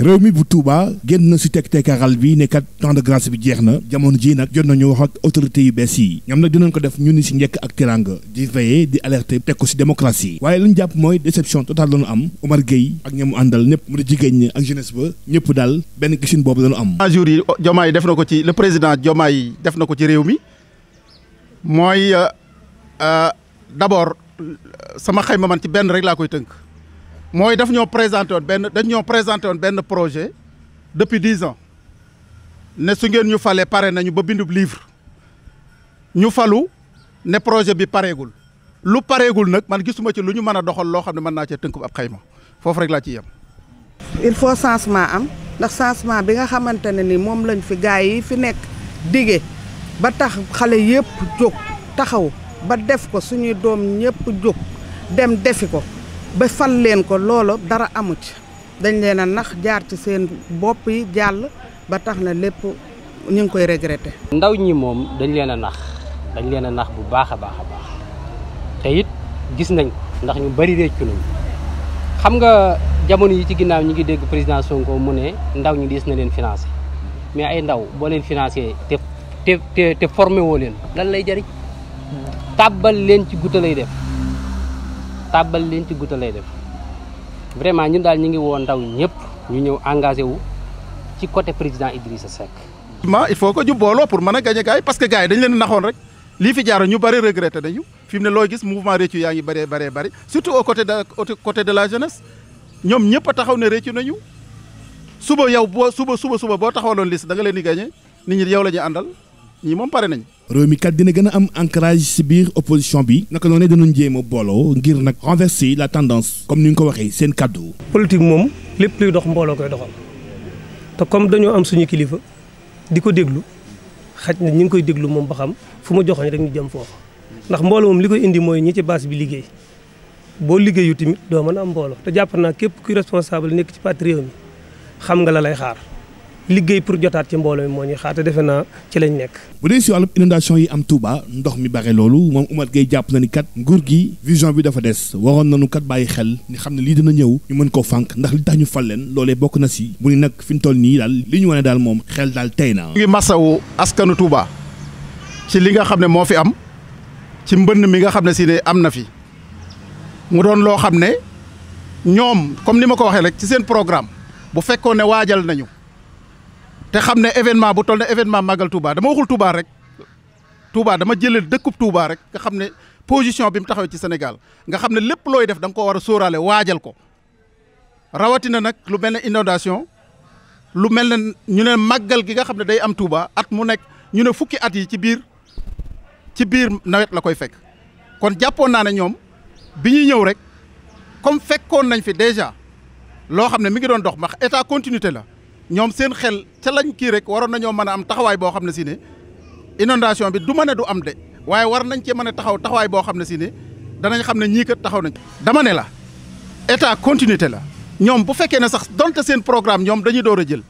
réew mi bu Touba génn na si te tegteekaral bi ne kat temps de grâce bi jeex na jamono ji nag jot nañu wax ak autorités yu bees yi ñoom na dinañ ko def ñu ni si njëkk ak tiranga di veiller di alerter teg ko si démocratie waaye lañu jàpp mooy déception totale doon am Omar Gueye ak ñamu àndal ñëpp mu di jigéen ñi ak jeunesse ba ñëpp daal benn gisin boobu lañu am jour yi Diomaye def na ko ci le président Diomaye def na ko ci réew mi mooy euh, euh, d'abord sama xayma man ci benn rek laa koy tënk mooy daf ñoo présenté woon benn dañ présenté woon benn projet depuis dix ans ne su ngeen ñu falee pare nañu ba bindu livre ñu falu ne projet bi pareegul lu pareegul nag man gisuma ci lu ñu mën a doxal loo xam ne mën naa cee tënk ab xayma foofu rek laa ci yem. il faut changement am ndax changement bi nga xamante ne ni moom lañ fi gars yi fi nekk dige ba tax xale yëpp jóg taxaw ba def ko suñuy doom ñëpp jóg dem defi ko. ba san leen ko loolu dara amu ci dañ leen a nax jaar ci seen bopp yi jàll ba tax na lépp ñu ngi koy regretter. ndaw ñi moom dañ leen a nax dañ leen a nax bu baax a baax a baax te it gis nañ ndax ñu bari réccu nañ xam nga jamono yi ci ginnaaw ñi ngi dégg président ko mu ne ndaw ñi diis na leen financé mais ay ndaw boo leen financé te te te formé woo leen lan lay jariñ tàbbal leen ci gudda lay def. tàbbal leen ci guta lay def vraiment ñun daal ñu ngi woo ndaw ñëpp ñu ñëw engagé wu ci côté président Idrissa Seck. ma il faut que ñu booloo pour mën a gañe gars yi parce que gars yi dañ leen naxoon rek lii fi jaaro ñu bari regretté nañu fi mu ne loo gis mouvement réccu yaa ngi bëree bëree bëri surtout au côté de côté la jeunesse ñoom ñëpp a taxaw ne réccu nañu suba yow boo suba suba suba boo taxawaloon liste da nga leen di gañe nit ñi yow la ñuy àndal ñii moom pare nañ réew mi kat dina gën a am ancrage si biir opposition bi naka noonu dinañ jéem a booloo ngir nag renverser la tendance comme ni nga ko waxee seen kàddu. politique moom lépp luy dox mbooloo koy doxal te comme dañoo am suñu kilifa di ko déglu xaj na ñu ngi koy déglu moom ba xam fu mu joxoñ rek ñu jëm foofu ndax mbooloo moom li koy indi mooy ñi ci base bi liggéey boo liggéeyu tamit doo mën a am mbooloo te jàpp naa képp kuy responsable nekk ci parti mi xam nga la lay xaar. liggéey pour jotaat ci mbooloo mi moo ñuy xaar te defe naa ci lañ nekk. bu dee si wàllum inondation yi am Touba ndox mi bare loolu moom Oumar Gueye jàpp na ni kat nguur gi vision bi dafa des waroon nañu kat bàyyi xel ni xam ne lii dina ñëw ñu mën koo fànq ndax li tax ñu fal leen loolee bokk na si mu ni nag fi ñu toll nii daal li ñu wane daal moom xel daal tey na. ngi masawu askanu Touba ci li nga xam ne moo fi am ci mbënn mi nga xam ne si ne am na fi mu doon loo xam ne ñoom comme ni ma ko waxee rek ci seen programme bu fekkoon ne waajal nañu te xam ne événement bu toll ne événement Magal Touba dama waxul Touba rek Touba dama jëlal dëkkub Touba rek nga xam ne position bi mu taxawee ci Sénégal nga xam ne lépp looy def danga ko war a sóoraale waajal ko rawatina nag lu mel ne inondation lu mel ne ñu ne màggal gi nga xam ne day am Touba at mu nekk ñu ne fukki at yi ci biir ci biir nawet la koy fekk kon jàppoon naa ne ñoom bi ñuy ñëw rek comme fekkoon nañ fi déjà loo xam ne mi ngi doon dox max état continuité la ñoom seen xel ca lañ kii rek waroon nañoo mën a am taxawaay boo xam ne si ne inondation bi du mën a du am de waaye war nañ cee mën a taxaw taxawaay boo xam ne si ne danañ xam ne ñiikat taxaw nañ. dama ne la état continuité la ñoom bu fekkee ne sax donte seen programme ñoom dañuy door a jël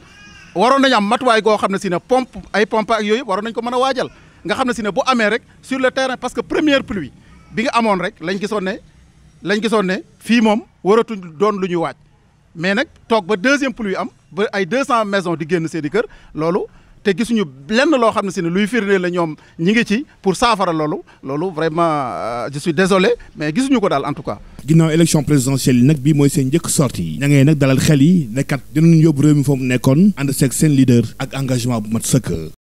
waroon nañ am matuwaay goo xam ne si ne pompe ay pompe ak yooyu waroon nañ ko mën a waajal nga xam ne si ne bu amee rek sur le terrain parce que première pluie bi nga amoon rek lañ gisoon ne lañ gisoon ne fii moom waratuñ doon lu ñuy waaj. mais nag toog ba deuxième pluie am ba ay deux cent maison di génn seen i kër loolu te gisuñu lenn loo xam ne si ne luy firndeel la ñoom ñi ngi ci pour saafara loolu loolu vraiment euh, je suis désolé mais gisuñu ko daal en tout cas. ginnaaw élection présidentielle yi nag bii mooy seen njëkk sorti ña ngee nag dalal xel yi nekkat dinañ yóbbu réew mi foofu nekkoon ànd seeg seen leader ak engagement bu mat sëkk.